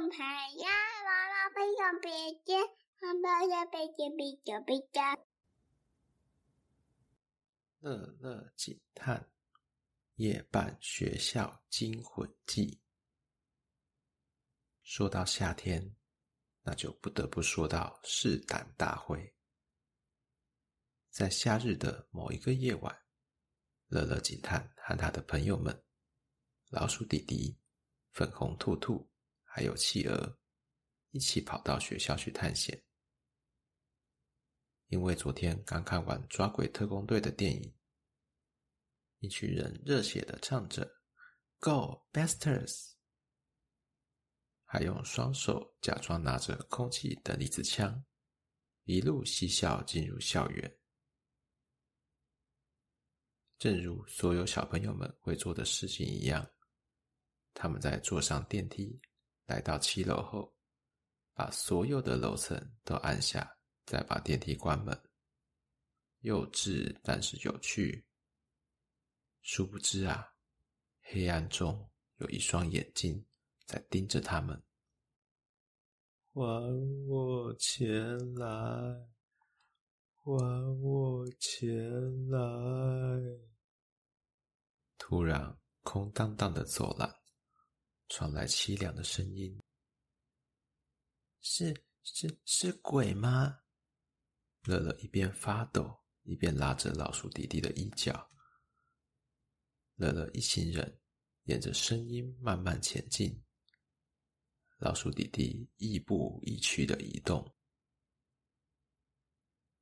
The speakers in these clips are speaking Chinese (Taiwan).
拍呀，娃娃拍向別針，旁邊呀，別針被腳被夾。樂樂警探，《夜半學校驚魂記》。說到夏天，那就不得不說到試膽大會。在夏日的某一個夜晚，樂樂警探和他的朋友們——老鼠弟弟、粉紅兔兔。還有企鵝，一起跑到學校去探險。因為昨天剛看完《抓鬼特工隊》的電影，一群人熱血的唱着 “Go Busters”，還用雙手假裝拿着空氣等離子槍，一路嬉笑進入校園。正如所有小朋友們會做的事情一樣，他們在坐上電梯。來到七樓後，把所有的樓層都按下，再把電梯關門。幼稚但是有趣。殊不知啊，黑暗中有一雙眼睛在盯着他們。還我錢來！還我錢來！突然，空蕩蕩的走廊。傳來淒涼的聲音，是是是鬼嗎？樂樂一邊發抖，一邊拉着老鼠弟弟的衣角。樂樂一行人沿着聲音慢慢前進。老鼠弟弟亦步亦趨地移動。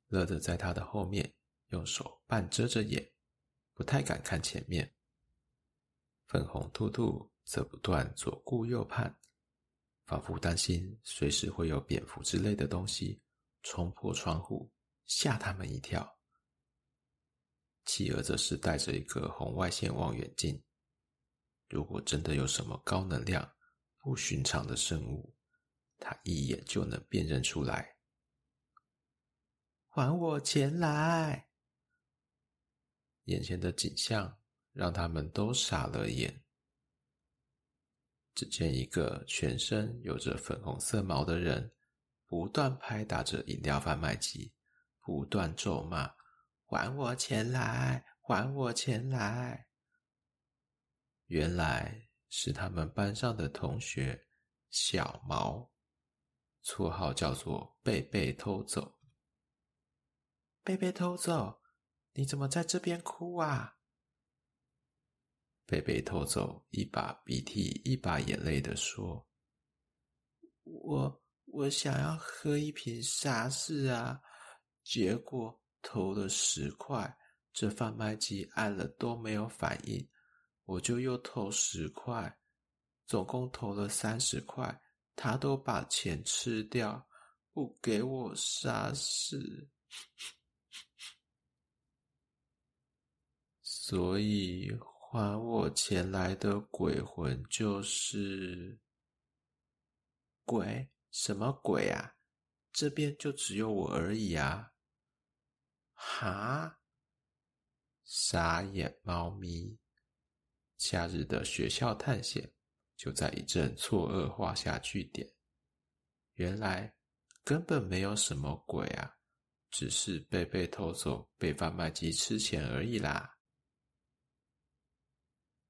樂樂在他的後面，用手半遮着眼，不太敢看前面。粉紅兔兔則不斷左顧右盼，仿佛擔心隨時會有蝙蝠之類的東西衝破窗戶嚇他們一跳。企鵝則是帶着一個紅外線望遠鏡，如果真的有什麼高能量、不尋常的生物，它一眼就能辨認出來。還我錢來！眼前的景象讓他們都傻了眼。只見一個全身有着粉紅色毛的人，不斷拍打着飲料販賣機，不斷咒罵：“還我錢來，還我錢來！”原來是他們班上的同學小毛，綽號叫做“貝貝偷走”。貝貝偷走，你怎麼在這邊哭啊？被被偷走，一把鼻涕一把眼淚的說：“我我想要喝一瓶沙士啊！”結果投了十塊，這販賣機按了都沒有反應，我就又投十塊，總共投了三十塊，他都把錢吃掉，不給我沙士。所以。還我錢來的鬼魂就是鬼？什麼鬼啊？這邊就只有我而已啊！哈！傻眼貓咪，夏日的學校探險就在一陣錯愕畫下句點。原來根本沒有什麼鬼啊，只是被被偷走、被販賣機吃錢而已啦。